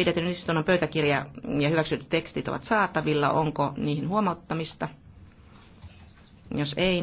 Pidetyn istunnon pöytäkirja ja hyväksytyt tekstit ovat saatavilla. Onko niihin huomauttamista? Jos ei,